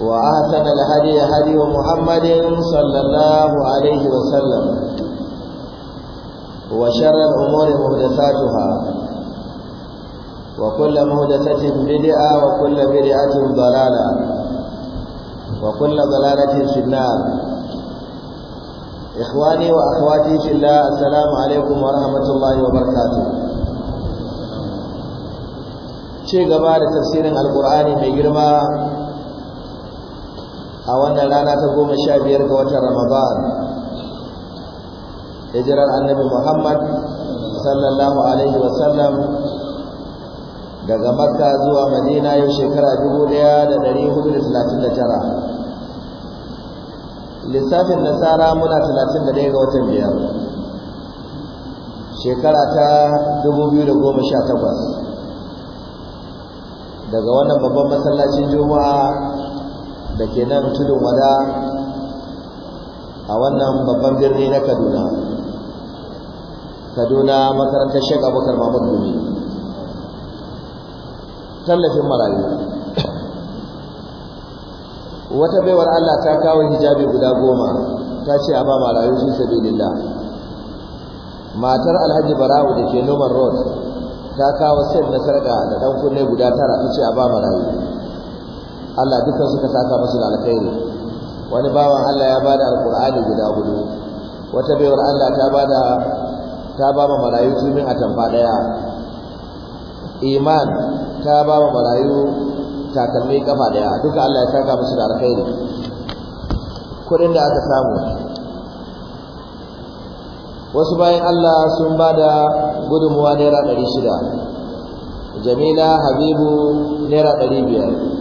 وأحسن الهدي هدي محمد صلى الله عليه وسلم وشر الأمور محدثاتها وكل محدثة بدعة وكل بدعة ضلالة وكل ضلالة في النار إخواني وأخواتي في الله السلام عليكم ورحمة الله وبركاته شيء قبل تفسير القرآن بجرمه a wannan rana ta goma sha biyar ga watan ramadan hijirar annabi muhammad sallallahu alaihi wasallam daga makka zuwa madina yau shekara dubu ɗaya da dari hudu da talatin da tara lissafin nasara muna talatin da ɗaya ga watan biyar shekara ta dubu biyu da goma sha takwas daga wannan babban masallacin juma'a da ke nan tudun wada a wannan babban birni na kaduna kaduna makarantar shek abokar mamad gumi tallafin marayu wata baiwar allah ta kawo hijabi guda goma ta ce a ba marayu su sabidillah matar alhaji bara'u da ke noman road ta kawo sai na sarka da dan kunne guda tara ta ce a ba marayu Allah dukkan suka saka musu da alkhairi wani bawan Allah ya bada alqur'ani guda gudu. wata bayar Allah ta bada ta ba ma marayu cikin atamba tamfa daya iman ta ba ma marayu takalmi kafa daya duka Allah ya saka musu da alkhairi kudin da aka samu wasu bayan Allah sun bada gudunmuwa naira 600 Jamila Habibu naira 500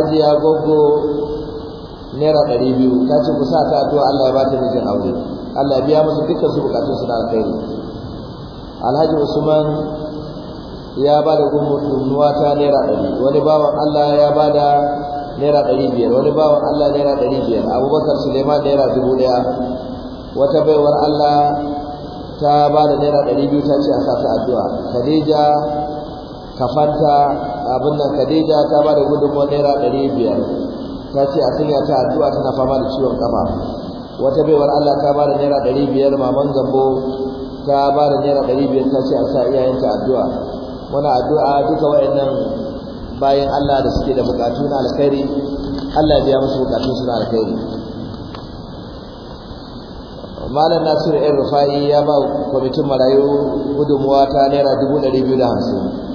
ya gogo naira ɗari biyu ta ce ku sa ta addu'a Allah ya ba ta mijin aure Allah ya biya musu dukkan su bukatun su na alkhairi Alhaji Usman ya ba da tunuwa ta naira ɗari wani bawan Allah ya ba da naira ɗari biyar wani bawan Allah naira ɗari biyar Abubakar Suleiman naira dubu ɗaya wata baiwar Allah ta ba da naira ɗari biyu ta ce a sa ta addu'a Khadija kafanta abin nan Khadija ta ba da gudunmuwar naira ɗari biyar ta ce a sanya ta addu'a tana fama da ciwon kafa wata baiwar Allah ta ba da naira ɗari biyar maman zambo ta ba da naira ɗari biyar ta ce a sa iyayenta addu'a muna addu'a duka wa'annan bayan Allah da suke da bukatu na alkhairi Allah ya biya musu bukatu su na alkhairi Malam Nasiru ɗan Rufa'i ya ba kwamitin marayu gudunmuwa ta naira dubu ɗari biyu da hamsin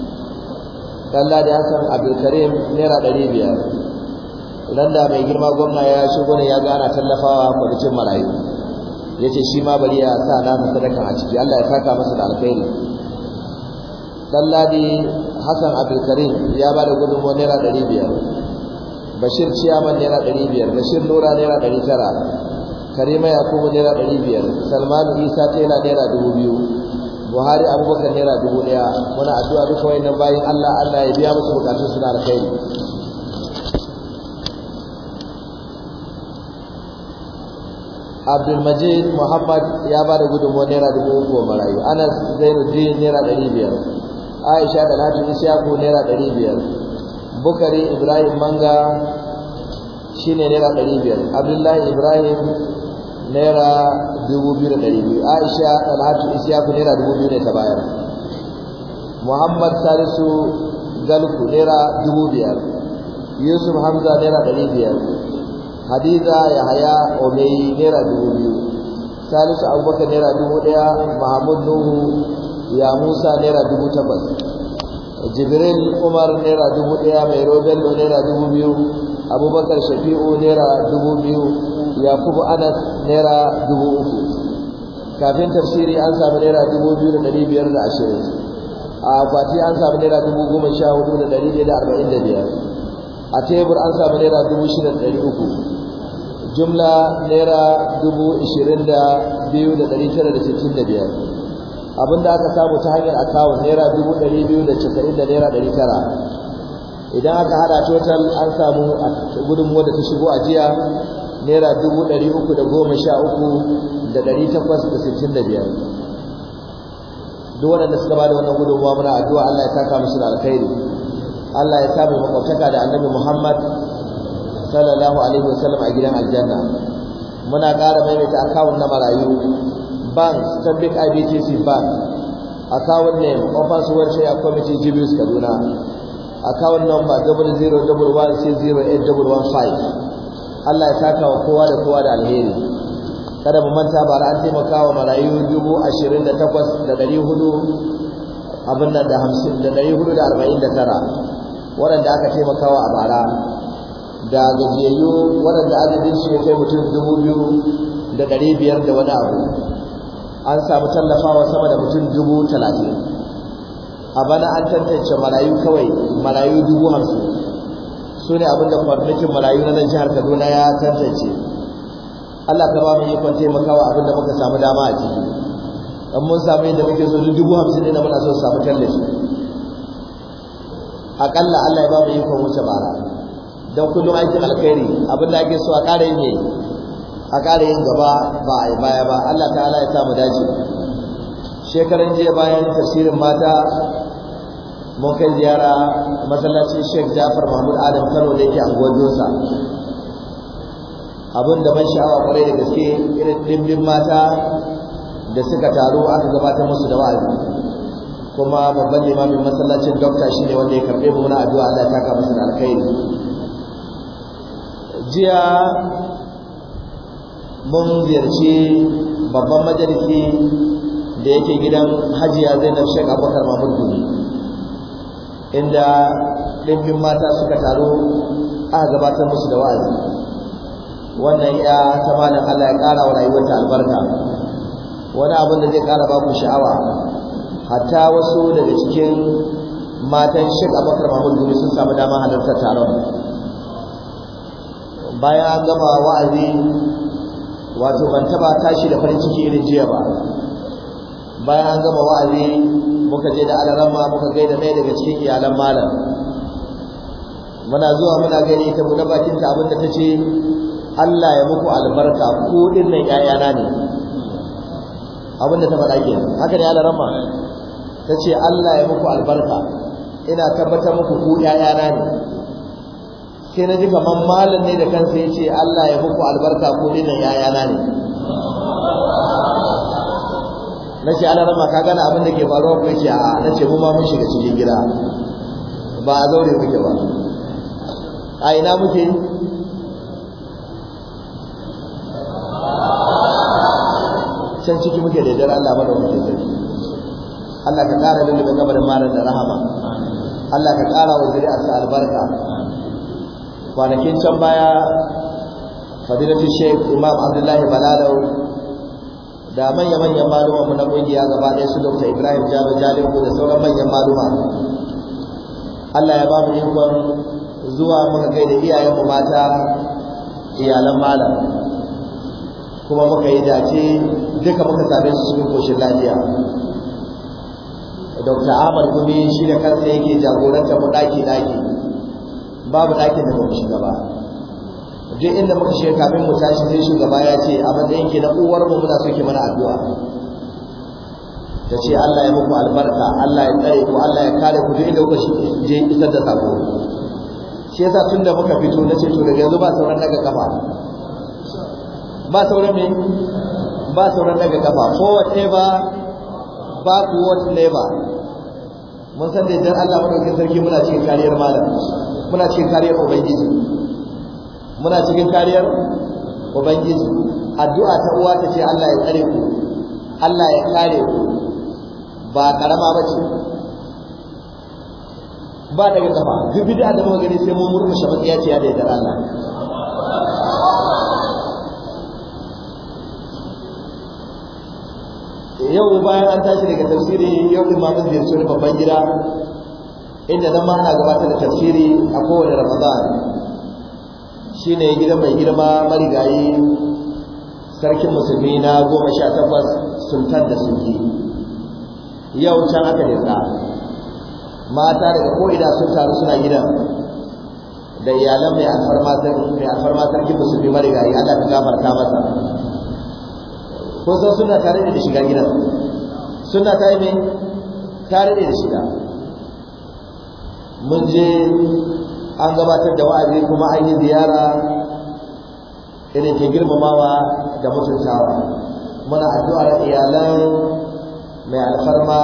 Dalla da Hassan karim naira ɗari biyar. da mai girma gwamna ya shigo ne ya gana tallafawa kwamitin marayu. Ya ce shi ma bari ya sa nasa sadaka a ciki Allah ya saka masa da alkhairi. Dalla da Hassan karim ya ba da gudunmuwa naira ɗari biyar. Bashir Ciyaman naira ɗari biyar. Bashir Nura naira ɗari tara. Karima Yakubu naira ɗari biyar. Salmanu Isa Tela naira dubu biyu. buhari abubakar naira dubu ɗaya muna addu'a duka wayannan bayan allah allah ya biya musu bukatun suna da kai abdulmajid muhammad ya ba da gudunmuwa naira dubu uku wa marayu anas zainuddin naira ɗari biyar aisha da latin ishaku naira ɗari biyar bukari ibrahim manga shine naira ɗari biyar abdullahi ibrahim naira Aisha Talhatu Isyaku naira ta bayar Muhammad Salisu Galku naira biyar Yusuf Hamza naira biyar Hadiza Yahaya Omei naira biyu Salisu Abubakar naira 1000 mahamud Nuhu ya Musa naira takwas, Jibril Umar naira 1000 Mai nera naira biyu, Abubakar Shafi'u naira biyu. yakubu anas naira dubu uku kafin tafsiri an samu naira dubu biyu da ɗari biyar da ashirin a akwati an samu naira dubu goma sha hudu da ɗari biyar da arba'in da biyar a tebur an samu naira dubu shida da ɗari uku jumla naira dubu ishirin da biyu da ɗari tara da sittin da biyar abinda aka samu ta hanyar akawun naira dubu ɗari biyu da casa'in da naira ɗari tara idan aka hada total an samu gudunmuwa da ta shigo a jiya naira dubu ɗari uku da goma sha uku da ɗari takwas da sittin da biyar duk waɗanda suka bada wannan gudunmuwa muna addu'a Allah ya saka musu da alkhairi Allah ya samu makwabtaka da annabi Muhammad sallallahu alaihi wasallam a gidan aljanna muna ƙara maimaita akawun na marayu bank stanbic ibtc bank akawun ne name offers shaya kwamiti jibius kaduna akawun number 0011608115 Allah ya saka wa kowa da kowa da alheri kada mu manta bara an taimaka wa marayu dubu ashirin da takwas da ɗari hudu abin nan da hamsin da ɗari hudu da arba'in da tara waɗanda aka taimakawa a bara da gajiyayyu waɗanda adadin shi ya kai mutum dubu biyu da ɗari biyar da wani abu an samu tallafawa sama da mutum dubu talatin a bana an tantance marayu kawai marayu dubu hamsin su ne abin da kwamitin marayu na nan jihar kaduna ya tantance allah ka ba mu ikon taimakawa abin da muka samu dama a ciki in mun samu yadda muke so duk dubu hamsin ne na muna so samu tallafi aƙalla allah ya ba mu ikon wuce bara don kullum aikin alkhairi abin da ake so a ƙara yin a ƙara yin gaba ba a yi baya ba allah ta ya samu dace shekaran jiya bayan tafsirin mata mun kai ziyara masallacin Sheikh Jafar Mahmud Adam Kano da yake anguwar Josa abin da ban sha'awa kwarai da gaske irin dimbin mata da suka taru aka gabatar musu da wa'azi kuma babban limamin masallacin shi shine wanda ya karbe mu na addu'a Allah ya taka musu da alkhairi jiya mun ziyarci babban majalisi da yake gidan Hajiya Zainab shek Abubakar Mahmud Gumi inda ɗimbin mata suka taru aka gabatar musu da wa'azi wannan ya ta malam Allah ya ƙara wa rayuwarta albarka wani abin da zai ƙara ba ku sha'awa hatta wasu daga cikin matan Sheikh Abubakar mahul Gumi sun samu dama halartar taron bayan an gama wa'azi wato ban taba tashi da farin ciki irin jiya ba bayan an gama wa'azi muka je da alarama muka gaida ɗaya daga cikin iyalan malam muna zuwa muna gaida ita mu bakin ta abinda ta ce Allah ya muku albarka ko din nan ƴaƴana ne abinda ta faɗa ke haka ne alarama ta ce Allah ya muku albarka ina tabbatar muku ko ƴaƴana ne sai na ji kamar malam ne da kansa ya ce Allah ya muku albarka ko din nan ƴaƴana ne na ce ana rama ka gane abin da ke faruwa ko ce a na ce mun ma mun shiga cikin gida ba a zaure muke ba a ina muke can ciki muke da jar Allah mada muke da Allah ka ƙara da daga gaba da malar da rahama Allah ka ƙara wa zuri'arsa albarka kwanakin can baya fadilatu sheikh imam abdullahi balalau da manya-manyan maluma mu na kungiya gaba ɗaya su Dr. Ibrahim Jalo ko da sauran manyan maluma Allah ya ba mu ikon zuwa muka kai da mu mata iyalan malam kuma muka yi dace duka muka same su cikin koshin lafiya Dr. Ahmad Gumi shi da kansa yake jagoranta mu ɗaki-ɗaki babu ɗakin da ba mu shiga ba duk inda muka shiga kafin mu tashi sai shugaba ya ce a matsayin ke na uwar mu muna so mana addu'a ta ce Allah ya muku albarka Allah ya tsare ku Allah ya kare ku duk inda kuka je isar da sako shi yasa tun da muka fito na ce to daga yanzu ba sauran daga kafa ba sauran me ba sauran daga kafa forward ever ne never mun san da idan Allah madaukakin sarki muna cikin kariyar malam muna cikin kariyar ubangiji muna cikin kariyar ubangiji addu'a ta uwa ta ce Allah ya kare ku Allah ya kare ku ba karama ba ce ba daga kafa duk bid'a da muka gani sai mun murmushe matsiya ce ya da yardar Allah yau bayan an tashi daga tafsiri yau din ma zai zo wani babban gida inda nan ma ana gabatar da tafsiri a kowane Ramadan shi ne gida mai girma marigayi sarkin musulmi na goma sha takwas sultan da sulki yau can aka nisa mata daga ko'ina sun taru suna gidan da iyalan mai alfarma sarkin musulmi marigayi ana ta gafarta masa kusan suna tare da shiga gidan suna tare da shiga mun je an gabatar da wa'azi kuma an yi ziyara irin ke girmamawa da mutuntawa muna addu'ar iyalan mai alfarma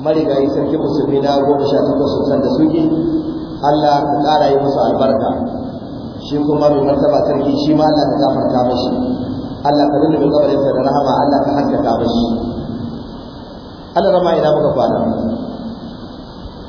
marigayi sarki musulmi na goma sha takwas sun da suke Allah ka ƙara yi musu albarka shi kuma mai martaba sarki shi ma Allah ka gafarta mashi Allah ka rubuta gabarinsa da rahama Allah ka haskaka mashi Allah rama ina muka kwana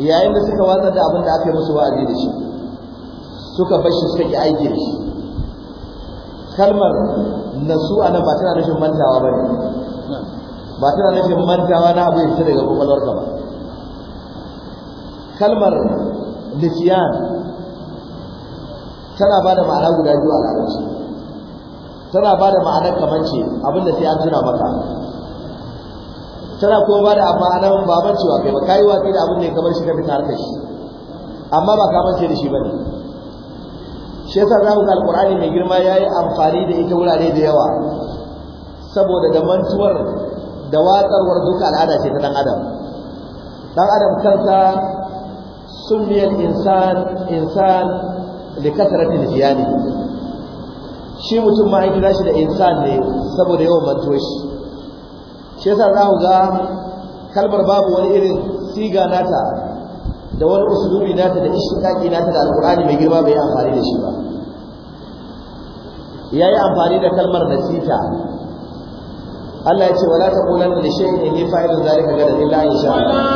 yayin da suka watsar da abin da aka yi musu wa'azi da shi suka bar shi suka ki aiki da shi kalmar nasu anan ba tana nufin mantawa ba ne ba tana nufin mantawa na abu ya daga daga ka ba kalmar nisyan tana ba da ma'ana guda biyu a larabci tana ba da ma'anar kamance abinda sai an tuna maka tana kuma ba da amana ba ban cewa kai ba kai da abin da ya kamar shi ka fita harkar shi amma ba ka mance da shi bane shi yasa za ku ga alqur'ani mai girma yayi amfani da ita wurare da yawa saboda da mantuwar da watsarwar duka al'ada ce ta dan adam dan adam kansa sunniyal insan insan li kasratil ziyani shi mutum ma shi da insan ne saboda yawan mantuwar shi shi yasa za ku ga kalmar babu wani irin siga nata da wani usulubi nata da ishtiqaqi nata da alqur'ani mai girma bai amfani da shi ba yayi amfani da kalmar nasita Allah ya ce wala taqulanna li shay'in inni fa'ilun dhalika gadan illa in sha Allah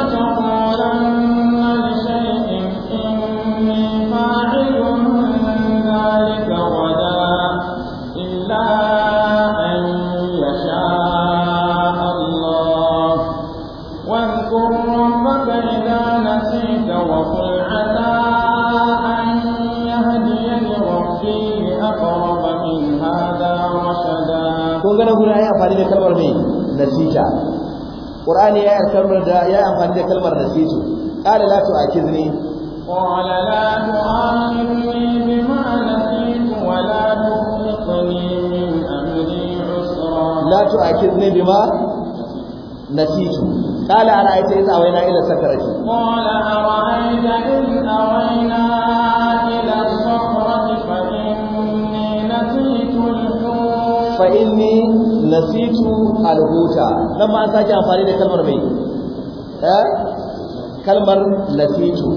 nasita qur'ani ya kalmar da ya amfani da kalmar nasitu qala la tu'akizni qala la tu'akizni bima nasitu wa la tu'akizni la tu'akizni bima nasitu qala ara'aita idza awayna ila sakrati qala ara'aita idza awayna ila sakrati fa inni nasitu fa inni nasitu alhuta nan ba an sake amfani da kalmar mai eh kalmar nasitu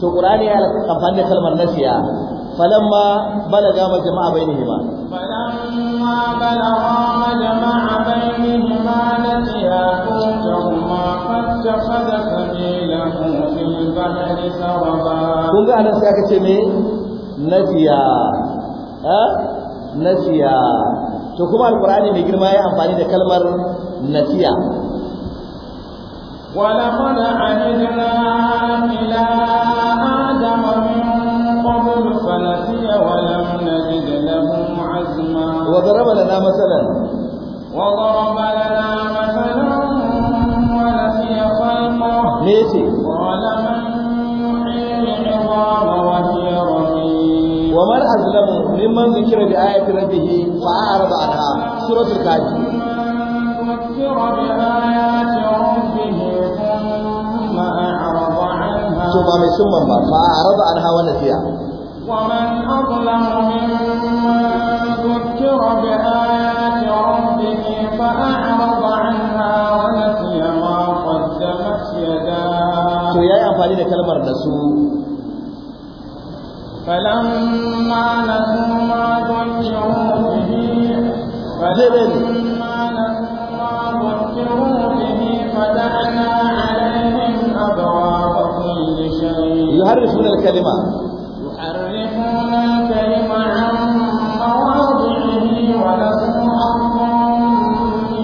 to qur'ani ya amfani da kalmar nasiya falamma balaga ma jama'a bainihima falamma balaga ma jama'a bainihima nasiya kuntumma fattakhadha sabilahu fil bahri saraba kun ga anan sai aka ce me nasiya eh nasiya to kuma alkur'ani mai girma ya amfani da kalmar nasiya wa laqad anjana ila adam min qabl fanasiya wa lam najid lahu azma wa wa mimman zikira da ayati rabbih fa a'rada anha suratul to ba mai summan ba fa a'rada anha wa nasiya ومن أظلم ممن ذكر بآيات ربه فأعرض فلما نسوا ما ذكروا به فلما نسوا ما ذكروا به فتحنا عليهم أبواب كل شيء يحرفون الكلمة يحرفون الكلمة عن مواضعه ونسوا أمرا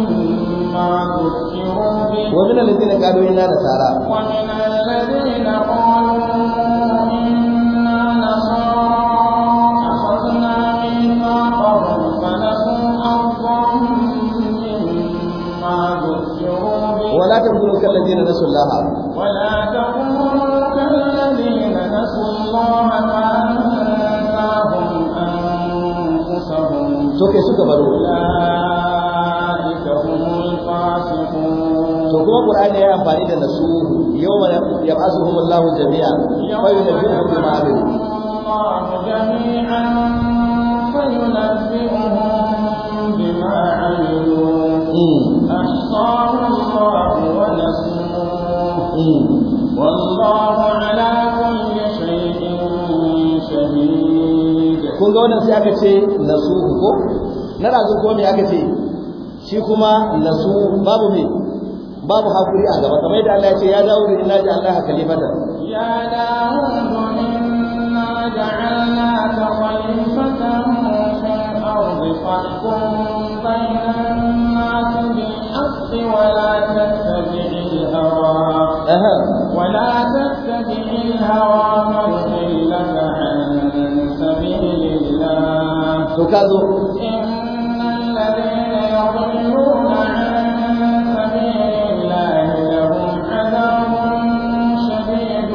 مما ذكروا به ومن الذين قالوا إنا نسارى لها ولا تقولوا كالذين نسوا الله فأنساهم أنفسهم سكي سكي بارو أولئك هم الفاسقون to kuma Qur'an ya amfani da nasu yawma yab'athuhum Allah jami'an fa yunabbihuhum bima amilu Allah jami'an fa kun ga wannan sai aka ce nasu ko na razu ko me aka ce shi kuma nasu babu me babu hakuri a gaba kamar yadda Allah ya ce ya dawo da ina ja Allah kalimata ya dawo inna ja'alnaka khalifatan fil ardi fahkum bainan nas bil haqqi wa la tattabi'il hawa ولا تتبع الهوى لك عن سبيل الله إن الذين يضلون عن سبيل الله لهم عذاب شديد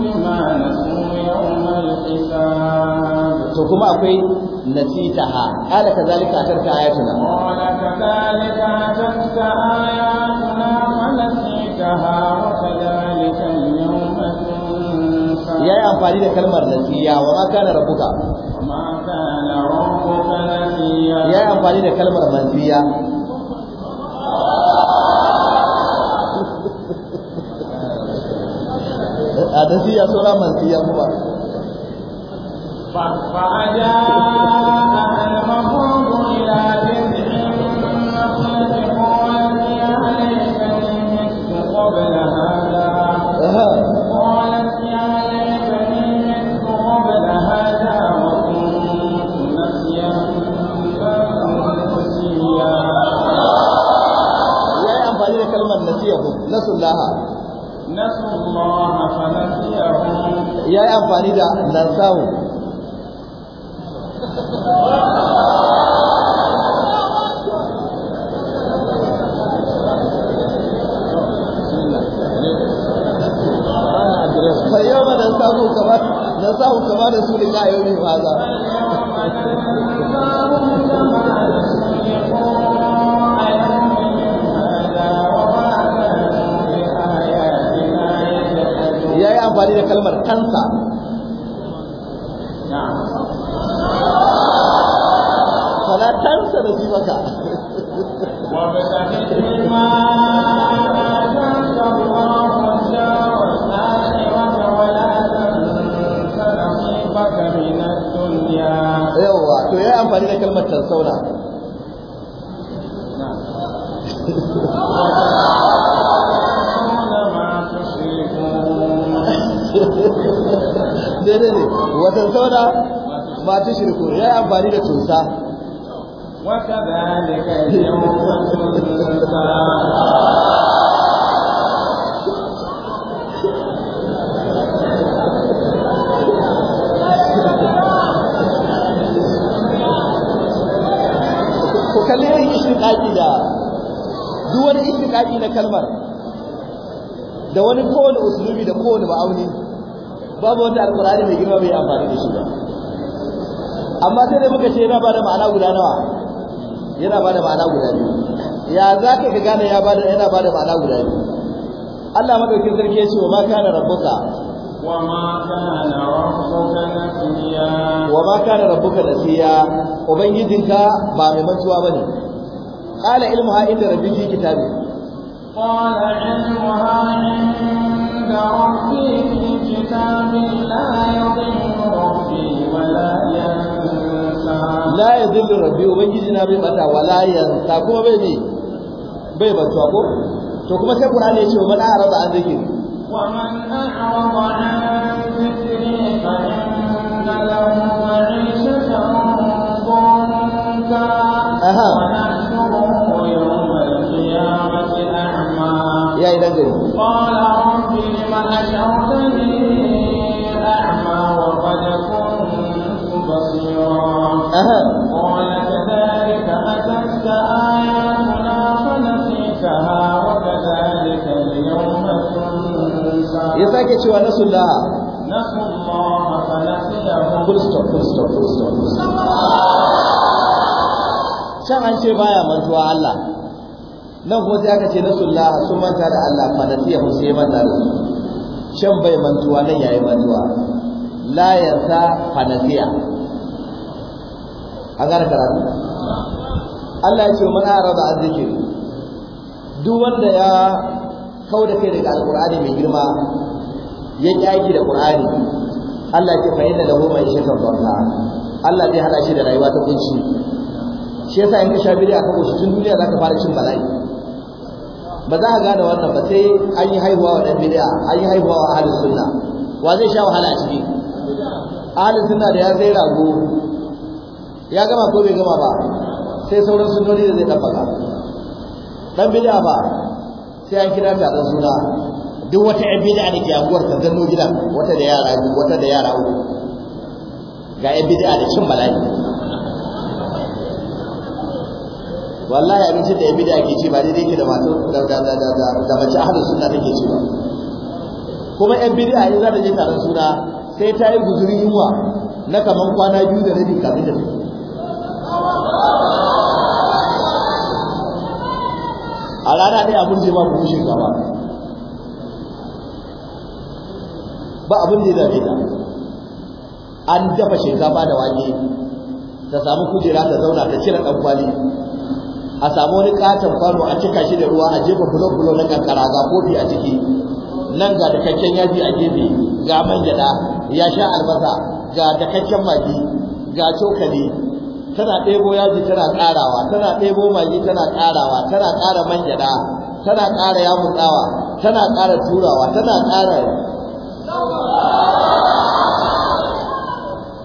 بما نسوا يوم الحساب نسيتها قال كذلك أتتك آياتنا قال كذلك أتتك آياتنا فنسيتها وكذلك ya yi amfani da kalmar nasiya wa ma kana rabbuka ya yi amfani da kalmar nasiya a nasiya sura mansiya kuma فعجاء amfani da lansahu ya yi amfani da kalmar kansa kyauta ku kalli irin ishtiqaqi da duk wani ishtiqaqi na kalmar da wani kowane usulubi da kowane ma'auni babu wata alqur'ani mai girma mai amfani da shi ba amma sai da muka ce yana bada ma'ana guda nawa yana bada ma'ana guda biyu ya za ka ka gane ya bada yana bada ma'ana guda biyu Allah madaukin sarki ya ce wa ma kana rabbuka wa ma kana rabbuka nasiya wa ma kana rabbuka nasiya ubangijinka ba mai mantuwa bane qala ilmuha inda rabbiki kitabi qala ilmuha inda rabbiki kitabi la yudhillu rabbi wa la yahdi la yadullu rabbi ubangiji na bai bata wala yansa kuma bai ne bai batuwa ko to kuma sai qur'ani ya ce ba man arada an zikri wa man arada an zikri fa inna lahu ma'ishatan aha ya idan gari qala rabbi lima قال كذلك أتتك آياتنا فنسيتها وكذلك اليوم تنسى يساك شوى نسوا الله نسوا الله فنسيهم فول ستوب فول ستوب فول ستوب can an ce baya mantuwa Allah nan kuma sai aka ce nasullah sun manta da Allah fa nasiyahu sai manta da can bai mantuwa nan yayi mantuwa la yansa fa nasiya an gane karatu Allah ya ce man arada an duk wanda ya kauda kai daga alqur'ani mai girma ya kyaki da qur'ani Allah ya ce fa inna lahu ma'ishatan barka Allah zai hada shi da rayuwa ta kunci shi yasa in ka sha bid'a ka goshi tun duniya zaka fara cin bala'i ba za a gane wannan ba sai an yi haihuwa wa dan bid'a an yi haihuwa wa ahlus sunna wa zai sha wahala a ciki ahlus sunna da ya sai rago ya gama ko bai gama ba sai sauran sunoni da zai dabbaka dan bid'a ba sai an kira ta dan suna duk wata ƴan bid'a da ke anguwar ta zanno gida wata da yara biyu wata da yara uku ga ƴan bid'a da cin bala'i wallahi abincin da ƴan bid'a ke ci ba daidai ke da masu da da da da da mace ahlus sunna take ci ba kuma ƴan bid'a in za ta je taron suna sai ta yi guzuri yunwa na kaman kwana biyu da rabi kafin da su a rana ɗaya abin da ya ba ku shinkafa ba abin da ya ta an dafa shinkafa da wake ta samu kujera ta zauna ta cire ɗan kwali a samu wani katon kwano a cika shi da ruwa a jefa bulo-bulo na kankara ga kofi a ciki nan ga dakakken yaji a gefe ga man ya sha albasa ga dakakken magi ga cokali tana ɗebo yaji tana ƙarawa tana ɗebo magi tana ƙarawa tana ƙara manjada tana ƙara yamutsawa tana ƙara turawa tana ƙara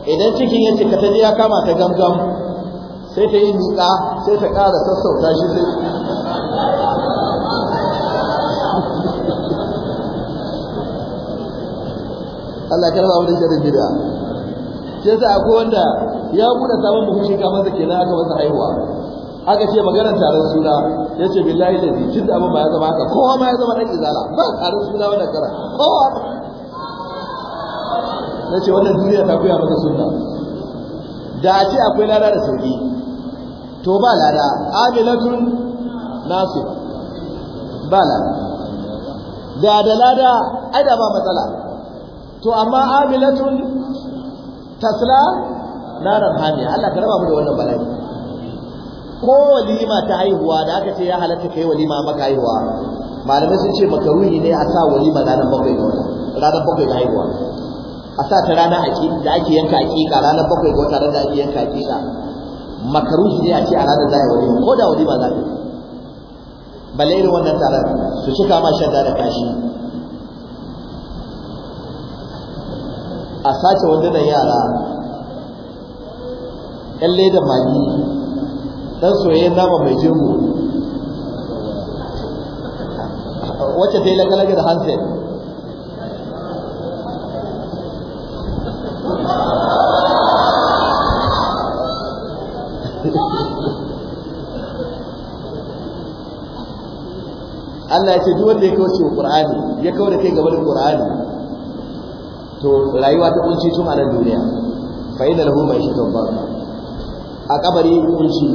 idan cikin ya ce ta je ya kama ta gamgam sai ta yi miƙa sai ta ƙara sassauta shi sai Allah karba wani jarin gida. sai sai akwai wanda ya buɗe sabon buhun kamar da kenan aka masa haihuwa aka ce maganar taron suna ya ce billahi da zai da abin ba ya zama haka kowa ma ya zama ɗan izala ba taron suna wannan kara kowa na ce wannan duniya ta koya maka suna da a ce akwai lada da sauƙi to ba lada amilatun nasu ba lada da da lada ai da ba matsala to amma amilatun tasla naran hamiya Allah ka raba mu da wannan bala'i ko walima ta haihuwa da aka ce ya halatta kai walima maka haihuwa malamai sun ce makaruhi ne a sa walima ranar bakwai ga wata ranar bakwai ga haihuwa a sa ta rana da ake yanka aƙiƙa ranar bakwai ga wata ranar da ake yanka aƙiƙa makaruhi ne a ce a ranar zai a walima ko da walima za a yi wannan taron su cika ma shan da kashi a sace wandunan yara yan da magi dan soyayya nama mai jingo wacce ta yi lagalaga da hansa Allah ya ce duk wanda ya kawo Qur'ani ya kawo da kai da Qur'ani to rayuwa ta kunci tun a nan duniya fa inna lahu shi dhanka a kabari kunci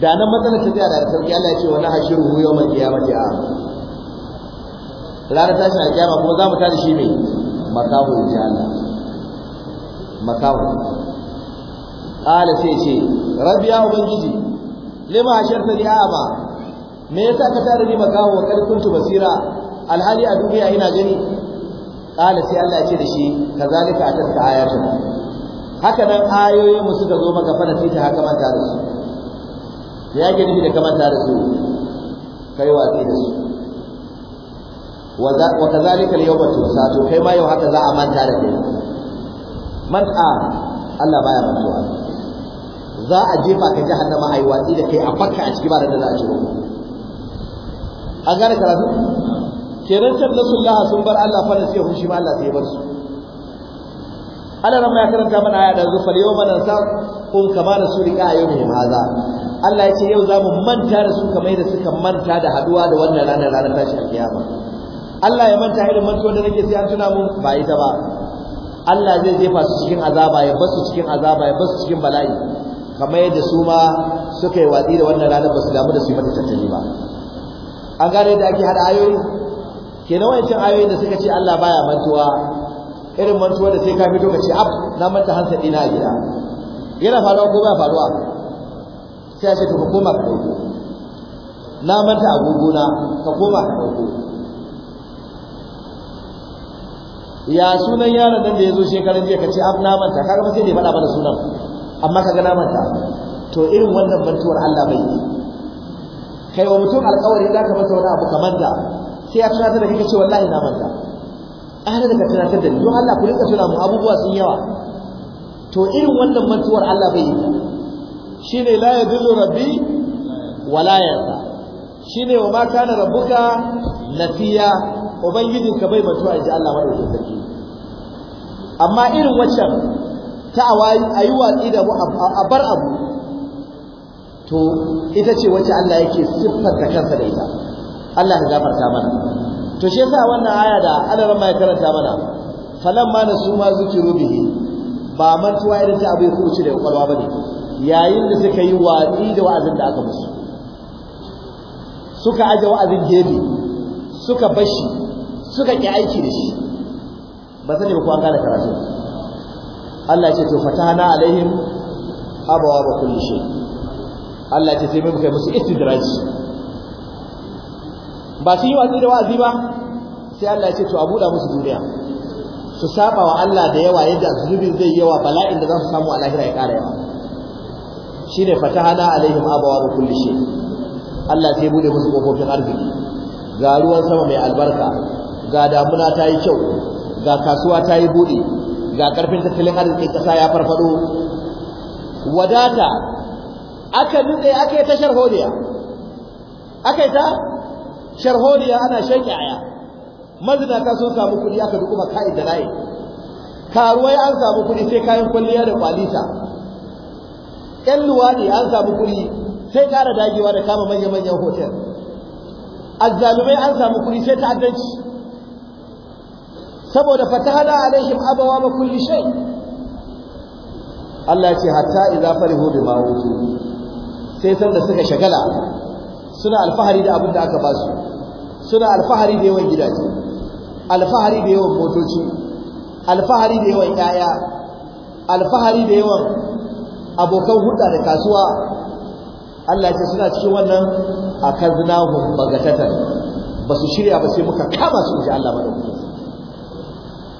da nan matsalar ta tsaya da sauki Allah ya ce wa mai yawmal qiyamati a ranar a kiyama kuma za mu tada shi ne makawo ya Allah makawo qala sai ce rabbi ya ubangiji lima hasharta ni a'ma me yasa ka tare ni makawo kar kuntu basira alhali a duniya ina gani qala sai Allah ya ce da shi kazalika atatka ayatun haka nan ayoyin mu suka zo maka fa ta haka manta da su ya ke nufi da kamanta da su kai watsi da su wa kazalika al-yawma tusa to kai ma yau haka za a manta da kai A, Allah baya mantuwa za a jefa ka jahannama ai watsi da kai a fakka a ciki ba da za a ciro an gane karatu kenan can na sun bar Allah fa da suke hushi ma Allah sai bar su Allah ran ya karanta mana aya da zufal mana sa kun kama da su yau ne maza Allah ya ce yau zamu manta da su kamar da suka manta da haduwa da wannan ranar ranar tashi alkiyama Allah ya manta irin mantuwa da nake sai an tuna mun ba ita ba Allah zai jefa su cikin azaba ya basu cikin azaba ya basu cikin bala'i kamar yadda su ma suka yi watsi da wannan ranar ba su damu da su yi mata tattali ba an gane da ake hada ayoyi kenan wancan ayoyin da suka ce Allah baya mantuwa irin mantuwa da sai ka fito ka ce ab na manta hansa dina gida yana faruwa ko baya faruwa sai a ce to ka koma ka dauko na manta agogona ka koma ka dauko ya sunan yaron nan da ya zo shekaran jiya ka ce ab na manta kaga ba sai ne faɗa mana sunan amma kaga na manta to irin wannan mantuwar Allah bai yi kai wa mutum alƙawari za ka masa wani abu kamar da sai ya tunatar da kai ce wallahi na manta ana daga tunatar da ni don Allah ku rinka tuna mu abubuwa sun yawa to irin wannan mantuwar Allah bai yi shine la yadullu rabbi wala yansa shine wa ma kana rabbuka nasiya ubangijinka bai mantuwa inji Allah madaukakin sarki amma irin waccan ta ayi watsi da a bar abu to ita ce wacce Allah yake siffanta kansa da ita Allah ya gafarta mana to shi yasa wannan aya da Allah ma ya karanta mana falan ma nasu ma zikiru bihi ba mantuwa irin ta abu ya ci da kwalwa bane yayin da suka yi watsi da wa'azin da aka musu suka aje wa'azin gefe suka bashi suka ki aiki da shi ba sani ba ku an gane karatu Allah ya ce to fatahana alaihim abawa ba kulli shay Allah ya ce sai muka musu istidraj ba su yi watsi da wa'azi ba sai Allah ya ce to a buɗa musu duniya su saba wa Allah da yawa yadda zunubin zai yawa bala'in da za su samu a lahira ya ƙara yawa shine fatahana alaihim abawa kulli shay Allah sai bude musu kofofin arziki ga ruwan sama mai albarka ga damuna ta yi kyau ga kasuwa ta yi buɗe ga karfin tattalin arziki ƙasa ya farfado wadata aka nutse aka yi tashar hodiya aka yi ta sharholiya ana shaƙi aya mazinata sun samu kuɗi aka duk kuma ka'id da layi karuwai an samu kuɗi sai kayan kwalliya da kwalita ƴan luwaɗi an samu kuɗi sai ƙara dagewa da kama manya-manyan hotel azzalumai an samu kuɗi sai ta'addanci saboda fatahana alaihim abawa ma kulli shay Allah ya ce hatta idza farihu bima utu sai sanda suka shagala suna alfahari da abin da aka ba su suna alfahari da yawan gidaje alfahari da yawan motoci alfahari da yawan yaya alfahari da yawan abokan hulɗa da kasuwa Allah ya ce suna cikin wannan akaznahum bagatata ba su shirya ba sai muka kama su ji Allah madaukakin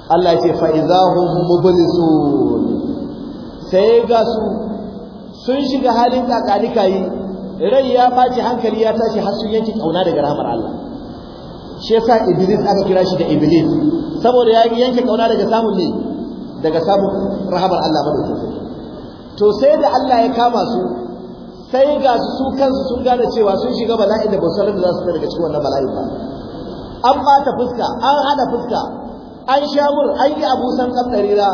Allah ya ce fa idahum mublisun sai ga su sun shiga halin kakani kayi rai ya faci hankali ya tashi har sun yanki kauna daga rahmar Allah shi yasa iblis aka kira shi da iblis saboda ya yanke kauna daga samun ne daga samun rahmar Allah madaukakin sarki to sai da Allah ya kama su sai ga su su kansu sun gane cewa sun shiga bala'i da ba su da za su daga cikin wannan bala'i ba an bata fuska an hada fuska an sha mur an yi abusan kamdarira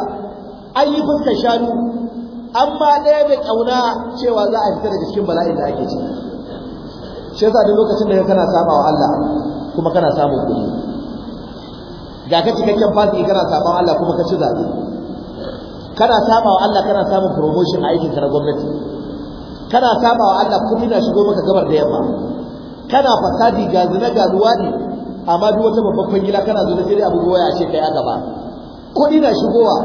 an yi fuskar shanu amma ɗaya mai ƙauna cewa za a fita daga cikin bala'in da ake ciki shi yasa duk lokacin da kana saba wa Allah kuma kana samun kuɗi ga ka cikakken fasiki kana wa Allah kuma ka ci zaɓe kana saba wa Allah kana samun promotion a aikin ka na gwamnati kana saba wa Allah kuɗi na shigo maka gabar da yamma kana fasadi ga zina ga luwaɗi amma duk wata babban gida kana zo sai dai abubuwa ya ce kai a gaba kuɗi na shigowa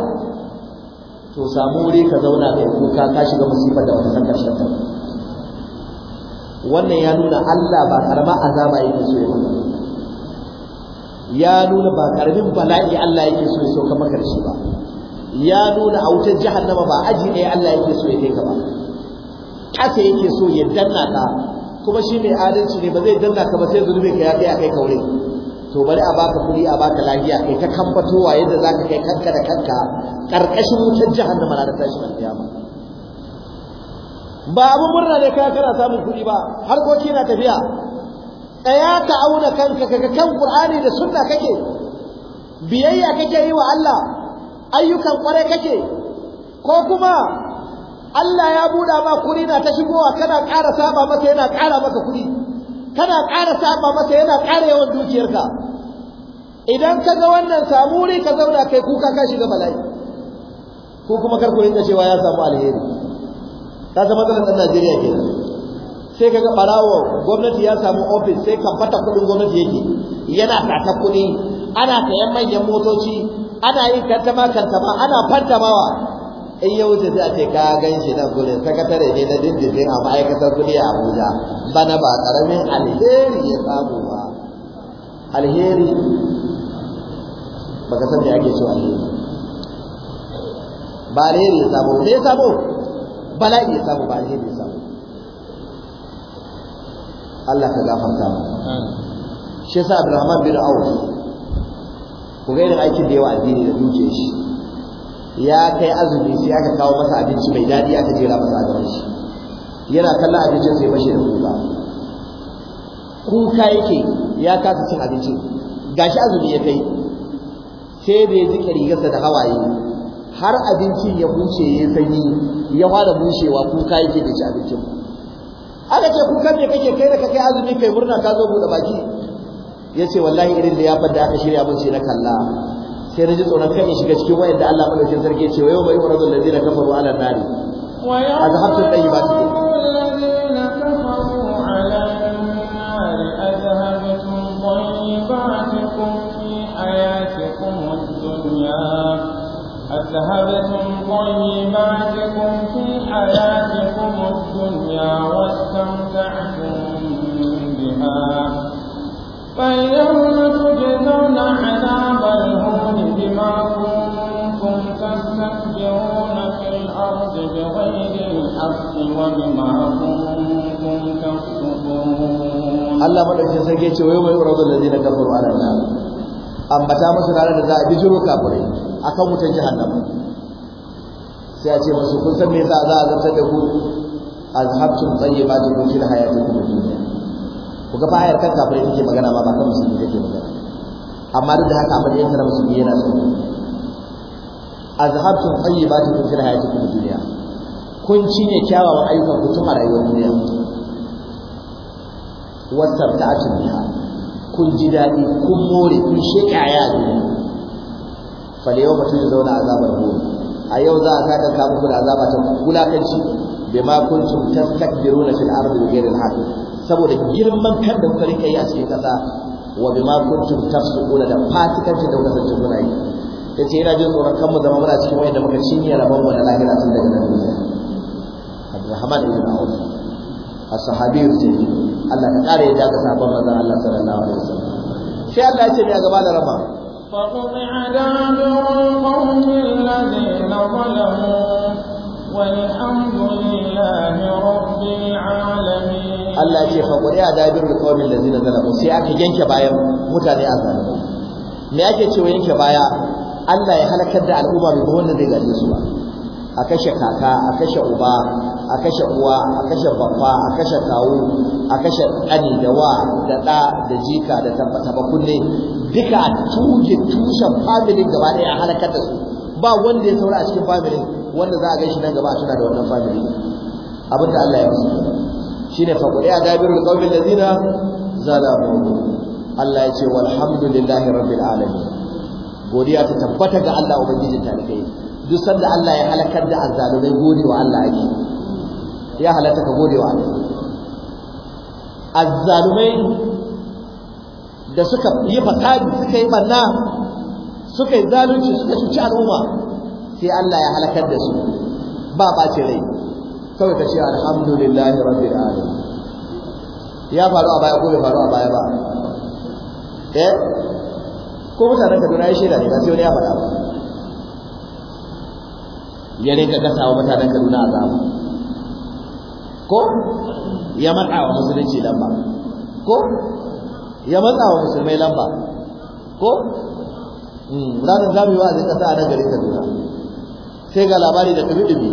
to samu wuri ka zauna kai kuka ka shiga musibar da wata san karshen ta wannan ya nuna Allah ba karama azaba yake so ya maka ya nuna ba karamin bala'i Allah yake so ya so ka karshe ba ya nuna a wutar jahannama ba aji ne Allah yake so ya kai ka ba kasa yake so ya danna ka kuma shi mai adalci ne ba zai danna ka ba sai zunubi ka ya kai a kai kaure to bari a baka kuɗi a baka lafiya kai ta kambatowa yadda za ka kai kanka da kanka ƙarƙashin wutar jahannama na tashi alkiyama ba abin murna ne kai kana samun kuɗi ba harkoki na tafiya tsaya ka auna kanka kaga kan qur'ani da sunna kake biyayya kake yi wa Allah ayyukan ƙware kake ko kuma Allah ya buɗa ma kuɗi na ta shigowa kana ƙara saba masa yana ƙara maka kuɗi kana ƙara saba masa yana ƙara yawan dukiyarka idan ka ga wannan samu wuri ka zauna kai kuka ka shiga bala'i ko kuma kar ku cewa ya samu alheri ta zama matsalar ɗan Najeriya ke sai ka ga gwamnati ya samu ofis sai ka fata kuɗin gwamnati yake yana tata kuɗi ana sayan manyan motoci ana yin kantama kantama ana fantamawa in ya wuce sai a ce ka gan shi nan gurin sakatare ne na dindindin a ma'aikatar kuɗi a Abuja bana ba ƙaramin alheri ya samu ba alheri baka san me ake cewa alheri ba alheri ya sabo me ya sabo bala'i ya sabo ba alheri ya sabo Allah ka gafarta mu shi yasa Abdulrahman bin Auf ku ga irin aikin da yawa addini da dukiyar shi ya kai azumi sai aka kawo masa abinci mai daɗi aka jera masa a gaban shi yana kallon abincin sai fashe da kuka kuka yake ya kasa cin abinci gashi azumi ya kai sai bai ya jika rigarsa da hawaye har abincin ya bushe ya sanyi ya fara bushewa kuka yake da ci abincin aka ce kuka me kake kai da kai azumi kai murna ka zo bude baki yace wallahi irin da ya fada aka shirya mun ce na kalla sai rajin tsoron kan ya shiga cikin wayar da Allah madaukakin sarki ce wa yau bai yuradul ladina kafaru ala nari wa yau azhabtu tayyibati أذهبتم طيباتكم في حياتكم الدنيا واستمتعتم بها فاليوم تجزون عذاب الهون بما كنتم تستكبرون في الأرض بغير الحق وبما كنتم تفسقون الله ملك سيكيتش ويوم يعرض الذين كفروا على النار ambata musu ranar da za a bijiro kafirai akan wutan jahannama sai a ce musu kun san me yasa za a zartar da ku azhabtum tayyibatukum fil hayatikum dunya ku ga bayar kan kafirai take magana ma ba kan musulmi take magana amma duk da haka abin da yake na musulmi yana so azhabtum tayyibatukum fil hayatikum dunya kun cinye kyawawan ayyukan ku tun a rayuwar duniya wasabta'tum biha kun ji daɗi kun more kun shekaya duniya falewa mutum ya zauna azabar gobe a yau za a kaɗa ka muku da azaba ta wulakanci bima kuntum tastakbiruna fil ardi bighayri al-haqq saboda girman kan da kuka rika yi a cikin kasa wa bima kuntum tafsiquna da fasikanci da kuka san kuna yi yace ina jin tsoron kanmu zama muna cikin wayanda muka cinye rabon mu na lahira tun daga nan Abdurrahman ibn Auf as-sahabi yace Allah ka ya ga sahabban Allah sallallahu alaihi sai Allah ya ce gaba da فقطع دابر القوم الذين ظلموا والحمد لله رب العالمين الله sai aka yanke bayan mutane a zalimi me ake cewa yanke baya Allah ya halakar da al'umma bai wanda zai gaje su ba a kashe kaka a kashe uba a kashe uwa a kashe babba a kashe kawu a kashe ɗani da wa da ɗa da jika da tabbata duka a tuge tushen familin gaba ɗaya a halakar da su ba wanda ya saura a cikin familin wanda za a gaishe nan gaba a da wannan family abin da Allah ya musu shine fa qul ya dabirul qawmi allazina zalamu Allah ya ce walhamdulillahi rabbil alamin godiya ta tabbata ga Allah ubangijin talibai duk sanda Allah ya halakar da azzalumai gode wa Allah ake ya halatta ka gode wa Allah azzalumai da suka yi fasadi suka yi banna suka yi zalunci suka cuci al'umma sai Allah ya halakar da su ba ɓace rai kawai ka ce alhamdulillahi rabbil alamin ya faru a baya ko bai faru a baya ba eh ko mutanen Kaduna ya shaida ne ba sai wani ya faɗa ba ya rinka gasawa mutanen Kaduna a zama ko ya matsa wa musulunci lamba ko ya matsa wa musulmai lamba ko ranar hmm, za mu yi wa'azin ƙasa a nan kaduna sai ga labari da kabi dubi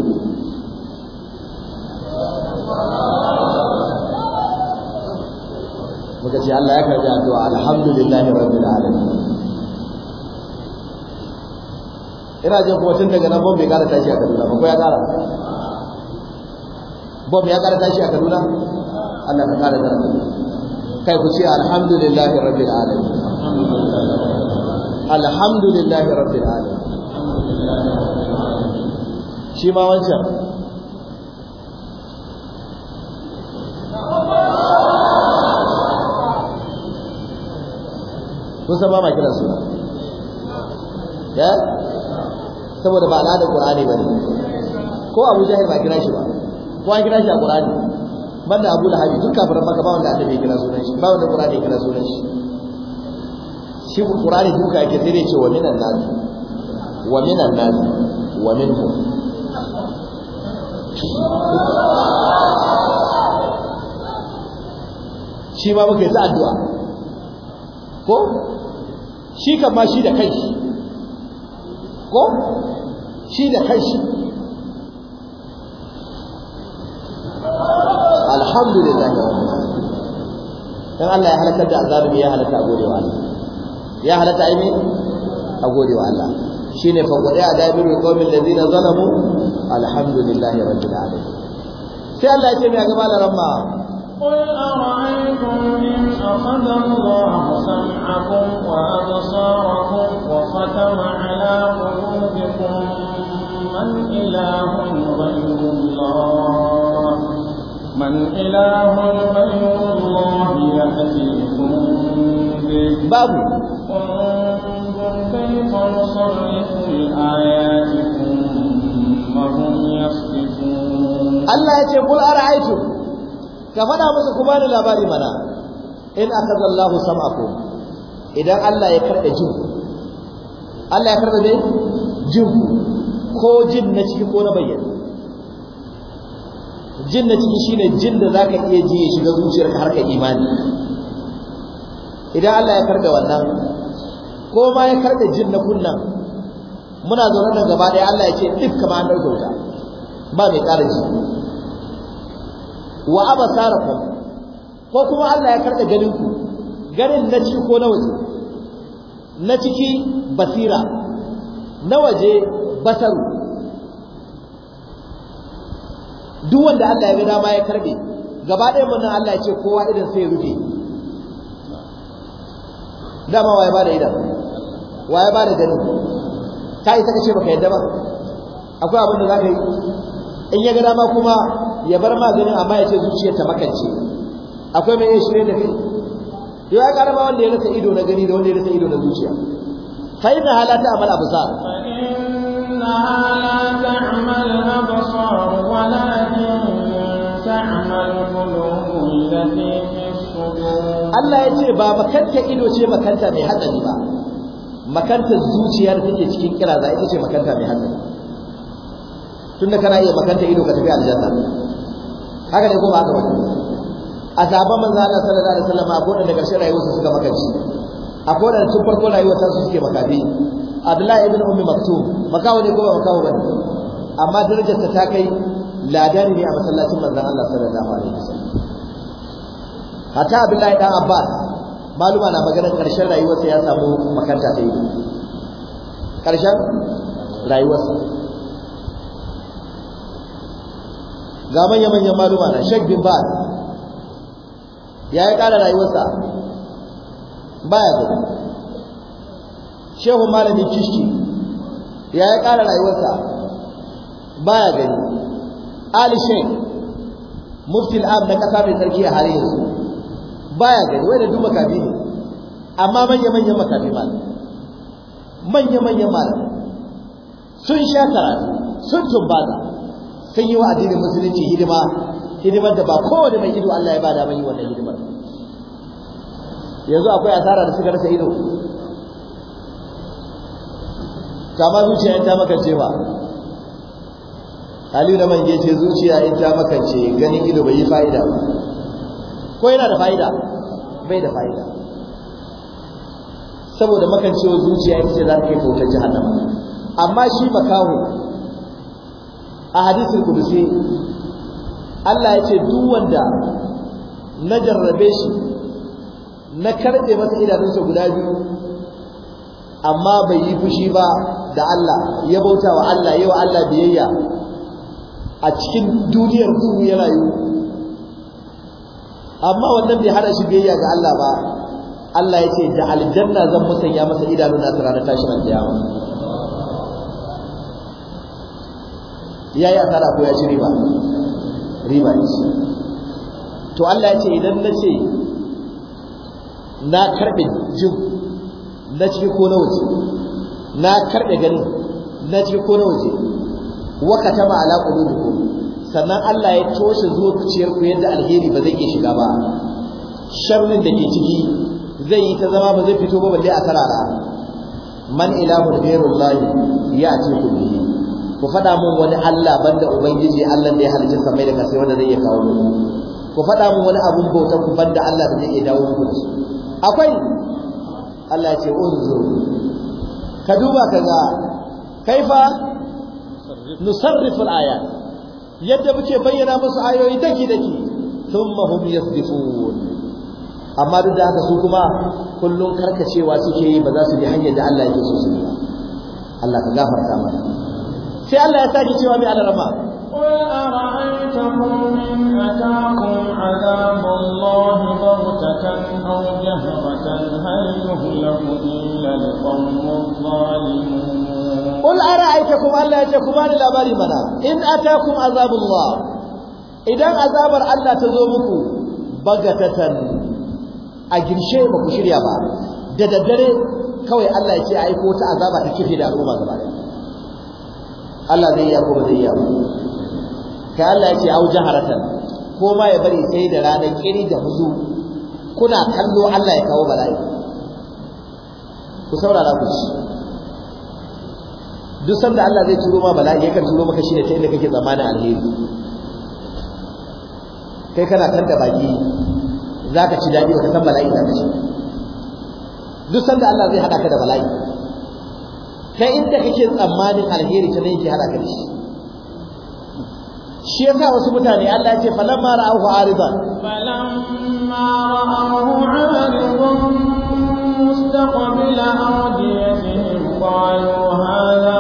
muka ce Allah ya karbi addu'a alhamdulillah rabbil alamin ina jin kuma tun daga nan bombe bai kara tashi a Kaduna ba ko ya kara ya kara tashi a Kaduna Allah ka kara tashi kai ku ce alhamdulillahi rabbil alamin alhamdulillahi rabbil alamin shi ma wancan kusa ba ma kira suna ya saboda ba al'adar ba ne. ko abu jahil ba kira shi ba ko an kira shi a qur'ani banda abu hajji duk kafin maka ba wanda aka bai kira sunan shi ba wanda qur'ani ya kira sunan shi shi qur'ani duka yake sai dai ce wa minan nas wa minan nas wa ku? shi ma muka yi ta addu'a ko shi kan ma shi da shi. ko shi da kai shi. alhamdulillahi dan Allah ya halakar da azabi ya halaka a gode wa Allah ya halaka ai a gode wa Allah shine fa qadi adabi bi qawmin ladina zalamu alhamdulillahi rabbil alamin sai Allah ya ce mai gaba da ramma قل أرأيتم إن أخذ الله سمعكم وأبصاركم وختم على قلوبكم من إله غير الله من إله غير الله يأتيكم به باب وانظر كيف نصرف الآيات ثم هم Allah ya ce ka fada musu kuma da labari mana in akaza Allahu sam'aku idan Allah ya karbe jin Allah ya karbe jin ko jin na ciki ko na bayyana jin na ciki shine jin da zaka iya ji ya shiga zuciyarka har ka imani idan Allah ya karga wannan ko ma ya karga jin na kunnan muna zaune da gaba ɗaya Allah ya ce duk kama an ɗauke wuta ba mai ƙara ji wa abasarakum ko kuma Allah ya karga ganin ku ganin na ciki ko na waje na ciki basira na waje basaru duk wanda Allah ya ga dama ya karbe gaba ɗaya mun nan Allah ya ce kowa idan sai ya rufe dama waye bada idan waye bada gani ta isa kace baka yadda ba akwai abin da zaka yi in ya ga dama kuma ya bar maganin amma ya ce zuciyar ta makance akwai mai shirye da kai yau ya karama wanda ya rasa ido na gani da wanda ya rasa ido na zuciya fa inna halata amal absar إنها لا تعمى الأبصار ولكن تعمى القلوب التي في الصدور الله يجي بابا كنت إلو شيء ما كنت بحدد با Makanta zuciyar take cikin kira za ita ce makanta mai hatsari tunda kana iya makanta ido ka tafi aljanna haka ne kuma haka wani azaban manzo Allah sallallahu alaihi wasallam a godan da karshen rayuwarsa suka makanci a godan tun farko rayuwarsa su suke makafi abdullahi ibn ummi maktum makawo ne ko ba makawo bane amma darajar ta ta kai ladani ne a masallacin manzon Allah sallallahu alaihi wasallam hatta abdullahi dan abbas maluma na magana karshen rayuwarsa ya samu makanta ta yi karshen rayuwarsa ga manya-manyan maluma na Sheikh bin Baz ya yi ƙara rayuwarsa baya ya shehu malamin kishi ya yi ƙara rayuwarsa baya gani ali sheikh muftin am na ƙasa mai sarki a halin yanzu baya gani wai da duk makafi ne amma manya-manyan makafi malam manya-manyan malam sun sha karatu sun tumbata sun yi wa addinin musulunci hidima hidimar da ba kowane mai ido Allah ya bada mai wannan hidimar yanzu akwai asara da suka rasa ido kama zuciya in ta makance ba aliyu na mange ce zuciya in ta makance ganin ido bai yi fa'ida ko yana da fa'ida bai da fa'ida saboda cewa zuciya ita ce za ta kai kautar jahannama amma shi makaho a hadisin kudusi Allah ya ce duk wanda na jarrabe shi na karɓe masa idanunsa guda biyu amma bai yi fushi ba da Allah ya bauta wa Allah yau Allah biyayya a cikin duniyar duhu ya rayu amma wannan bai hada shi biyayya ga Allah ba Allah ya ce da aljanna zan musanya masa idanu na tsara na tashin yawa, ya yi asara ko ya ci riba riba ne to Allah ya ce idan na ce na karɓe jin na ciki ko na waje na karɓe ganin na ciki ko na waje wa katama ala qulubikum sannan Allah ya toshe zuciyar ku yadda alheri ba zai iya shiga ba sharrin da ke ciki zai yi ta zama ba zai fito ba balle a tarara man ghayrullah ya ya'ti ku bihi ku faɗa mun wani Allah banda ubangiji Allah da ya halice samai da kasai wanda zai iya kawo mu ku faɗa mun wani abun bauta ku banda Allah da zai iya dawo ku akwai Allah ce unzur ka duba ka ga kaifa nusarrifu al-ayat yadda muke bayyana musu ayoyi daki daki thumma hum yasdifun amma duk da haka su kuma kullun karkacewa suke yi ba za su bi hanyar da Allah yake so su bi Allah ka gafarta mana sai Allah ya sake cewa mai alarama قل أرأيتكم إن أتاكم عذاب الله بغتة أو ألا يتكمان الأبار منا إن أتاكم عذاب الله إذا عذاب الله تذوبكم بغتة أجرشي بكشري أبا da daddare kawai Allah ya ce aiko ta azaba ta kife da al'umma gaba Allah zai yi sai Allah ya ce au jaharatan ko ma ya bari sai da rana kiri da huzu kuna kallo Allah ya kawo bala'i ku saurara ku ci duk sanda Allah zai turo ma bala'i yakan turo maka shi ne ta inda kake zamanin alheri kai kana kan da baki zaka ci dadi ka san bala'i zaka ci duk sanda Allah zai hada ka da bala'i kai inda kake tsammanin alheri ta ne yake hada ka da shi shi yasa wasu mutane Allah ya ce falamma ra'ahu aridan falamma ra'ahu aridan mustaqbila awdiyatihim qalu hadha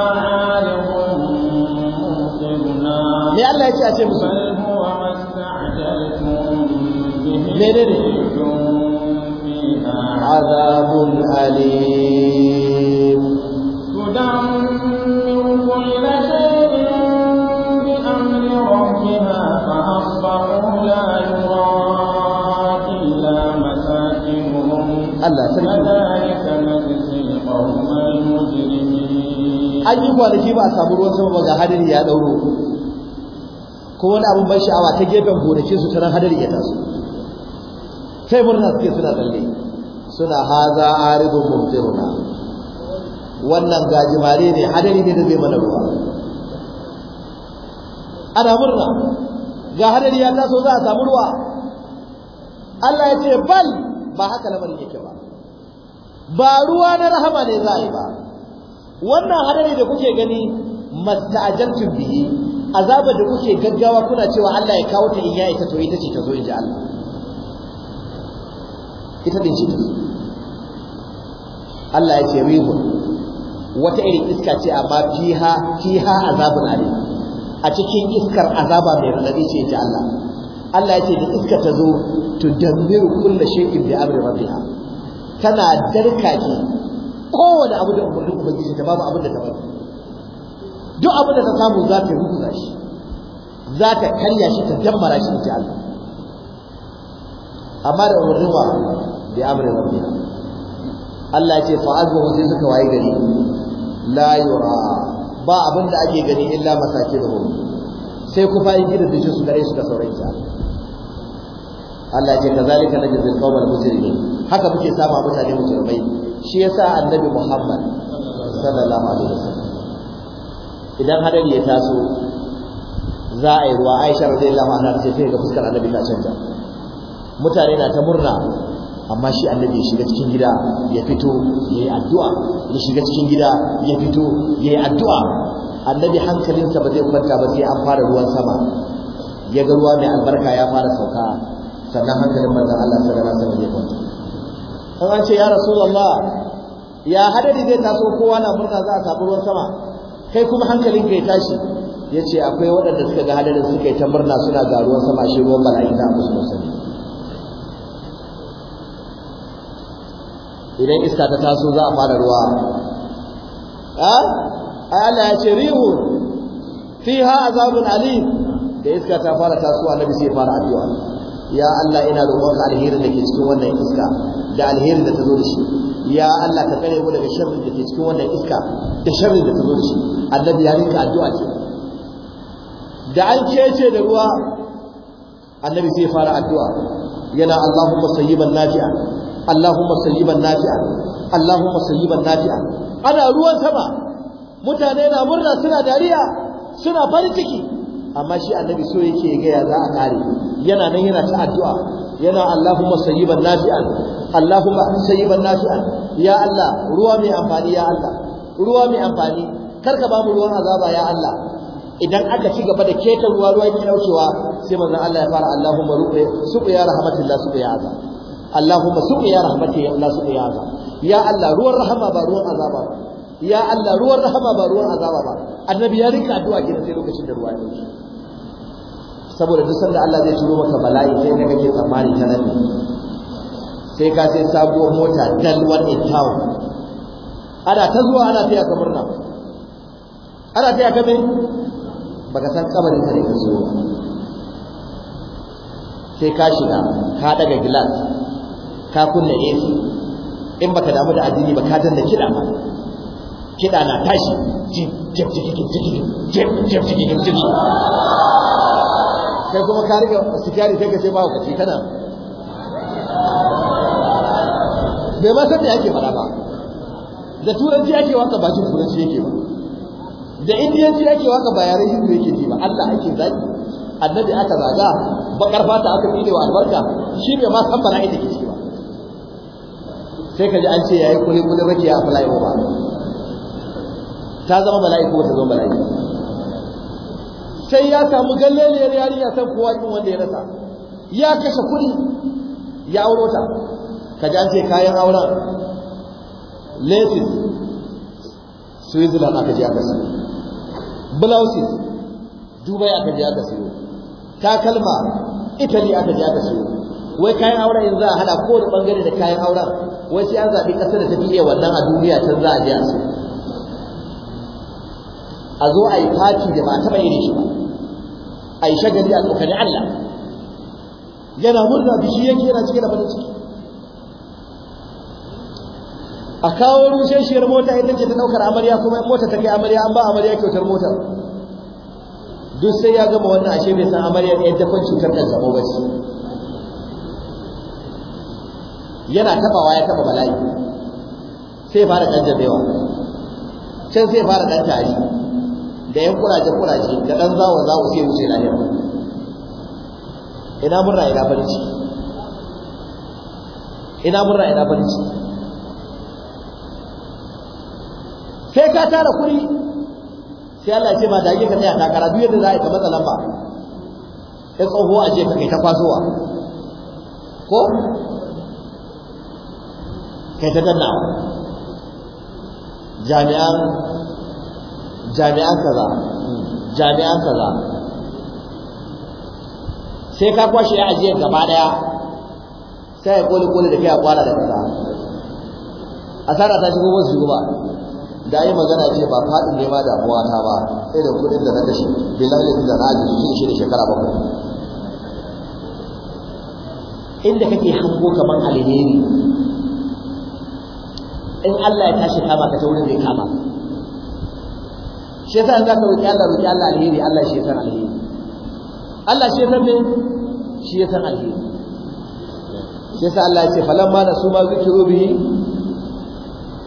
Allah ya ce a ce musu menene azabun alim Allah sarki an yi kwanaki ba a samu ruwan sama ga hadari ya dauro ko wani abin ban sha'awa ta gefen gonakin su tana hadari ya taso sai murna suke suna tsalle suna haza aridun mumtiruna wannan gajimare ne hadari ne da zai mana ruwa ana murna ga hadari ya taso za a samu ruwa Allah ya ce bal ba haka lamarin yake ba ba ruwa na rahama ne za a yi ba wannan hadari da kuke gani masta'ajaltum bihi azabar da kuke gaggawa kuna cewa Allah ya kawo ta in ya ita to ita ce ta zo inji Allah ita din ce Allah ya ce rihun wata irin iska ce amma fiha fiha azabun alim a cikin iskar azaba mai radadi ce inji Allah Allah ya ce da iska ta zo tudammiru kullu shay'in bi amri rabbiha tana darkaje kowane abu da umarnin ubangiji ta babu abin da ta bari duk abin da ta samu za ta rubuta shi za ta karya shi ta jammara shi ta Allah amma da umarnin wa bi amrin rabbina Allah ya ce fa azwa sai suka waye gari la yura ba abin da ake gani illa masakin sai kufa in gidan da su gare su da saurayi Allah Allah ce kazalika najzil qawmal mujrimin haka muke sama mutane mujrimai shi yasa annabi Muhammad sallallahu alaihi wasallam idan hadari ya taso za a yi ruwa Aisha radiyallahu anha ce sai ga fuskar annabi ta canja mutane na ta murna amma shi annabi ya shiga cikin gida ya fito yayi addu'a ya shiga cikin gida ya fito yayi addu'a annabi hankalinsa ba zai kwanta ba sai an fara ruwan sama ya ga ruwa mai albarka ya fara sauka sannan hankalin manzan Allah sallallahu alaihi wasallam ya kwanta sai an ce ya rasulullah ya hadari zai taso kowa na murna za a sabu ruwan sama kai kuma hankalin ka ya tashi yace akwai waɗanda suka ga hadarin suka yi ta murna suna ga ruwan sama shi ruwan bala'i a musu musulmi idan iska ta taso za a fara ruwa a Allah ya ce rihu fiha azabun alim da iska ta fara tasowa nabi sai fara addu'a ya Allah ina roƙonka alherin da ke cikin wannan iska da alherin da ta zo da shi ya Allah ka kare mu daga sharrin da ke cikin wannan iska da sharrin da ta zo da shi annabi ya rinka addu'a ce da an cece da ruwa annabi sai fara addu'a yana Allahumma sayyiban nafi'a Allahumma sayyiban nafi'a Allahumma sayyiban nafi'a ana ruwan sama mutane na murna suna dariya suna farin ciki amma shi annabi so yake ga ya za a kare yana nan yana ta addu'a yana Allahumma sayyiban nafi'an Allahumma sayyiban nafi'an ya Allah ruwa mai amfani ya Allah ruwa mai amfani ka ba mu ruwan azaba ya Allah idan aka ci gaba da keta ruwa ruwa yake daukewa sai manzon Allah ya fara Allahumma ruqi ya rahmatillah ya azab Allahumma ya rahmatillah ya azab ya Allah ruwan rahama ba ruwan azaba ba ya Allah ruwan rahama ba ruwan azaba ba annabi ya rika addu'a gidan sai lokacin da ruwa ne saboda duk sanda Allah zai turo maka bala'i sai ne kake tsammani ta nan sai ka sai sabuwar mota dalwar in town ana ta zuwa ana tafiya ka murna ana tafiya ka me baka san kabarin sai ne ka zo sai ka shiga ka daga glass ka kunna AC in baka damu da addini ba ka danna kiɗa kiɗa na tashi kai kuma ka riga sikari kai ka ce ba kaci kana bai ma san da yake fara ba da turanci ake wanka ba shi turanci yake ba da indiyanci ake wanka ba yaren hindu yake ji ba Allah ake zaki annabi aka zaga bakar fata aka fide wa albarka shi bai ma san bala'i da ke ciki ba sai ka ji an ce yayi kuli kuli rakiya a ba. ta zama mala'iku ko ta zama mala'iku sai ya samu yari yarinya san kowa kin wanda ya rasa ya kashe kuɗi ya auro ta ka ji an ce kayan auren laces switzerland aka je aka siyo blouses dubai aka je aka siyo takalma italy aka je aka siyo wai kayan auren yanzu a hada kowane bangare da kayan auren wai sai an zaɓi ƙasar da ta fi iya wannan a duniya can za a je a siyo a zo a yi fati da ba taɓa irin shi ba a yi shagali a tsokani Allah yana murna shi yake yana cike da farin ciki a kawo shiyar mota idan ce ta ɗaukar amarya kuma mota ta kai amarya an ba amarya kyautar motar duk sai ya gama wannan ashe bai san amarya ɗaya ta kwanci cutar kan zamo ba yana tabawa ya taba bala'i sai fara ɗan jabewa can sai fara ɗan tari da ya kuraje kuraje da dan zawo zawo sai wuce yau ina mun ina farin ina murna ina farin sai ka tara kuri sai Allah ya ce ma da ka tsaya takara duk yadda za a yi ka matsa lamba ya tsoho a je ka kai ta kwasowa ko kai ta danna jami'an jami'an kaza jami'an kaza sai ka kwashe ya ajiyar gaba daya sai ya koli koli da kai a kwana da kaza asara ta shigo wasu shigo ba da yi magana ce ba faɗin nema damuwa ta ba sai da kuɗin da na kashe bilalin da na ajiye shi shi da shekara bakwai inda kake hango kamar alheri in Allah ya tashi kama ka ta wurin zai kama shi yasa in zaka roki Allah roki Allah alheri Allah shi san alheri Allah shi san me shi ya san alheri shi yasa Allah ya ce falamma nasu ma zikiru bihi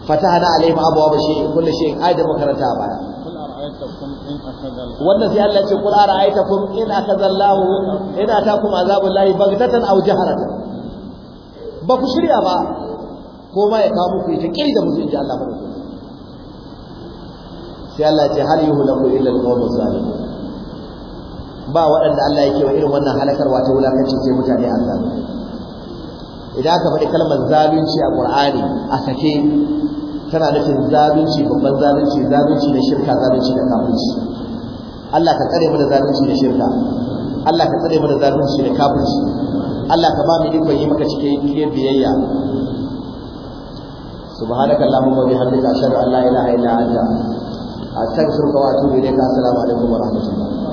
fatahna alaihim abwaaba shay'in kullu shay'in ayda makaranta ba wannan sai Allah ya ce qul ara'aytakum in akaza Allah in atakum azabul lahi baghtatan aw jaharatan ba ku shirya ba ko ma ya kawo muku ita kai da musu inji Allah barkatu sai Allah ce har hal yuhlaku illa al-qawmu zalimun ba waɗanda Allah yake wa irin wannan halakarwa ta wulakanci sai mutane Allah idan aka faɗi kalmar zalunci a Qur'ani a sake tana nufin zalunci babban zalunci zalunci da shirka zalunci da kafirci Allah ka tsare mu da zalunci da shirka Allah ka tsare mu da zalunci da kafirci Allah ka ba mu ikon yi maka cikin kiyar biyayya subhanakallahumma wa bihamdika ashhadu an la ilaha illa anta A a wa atubu ilayka assalamu alaikum wa rahmatullah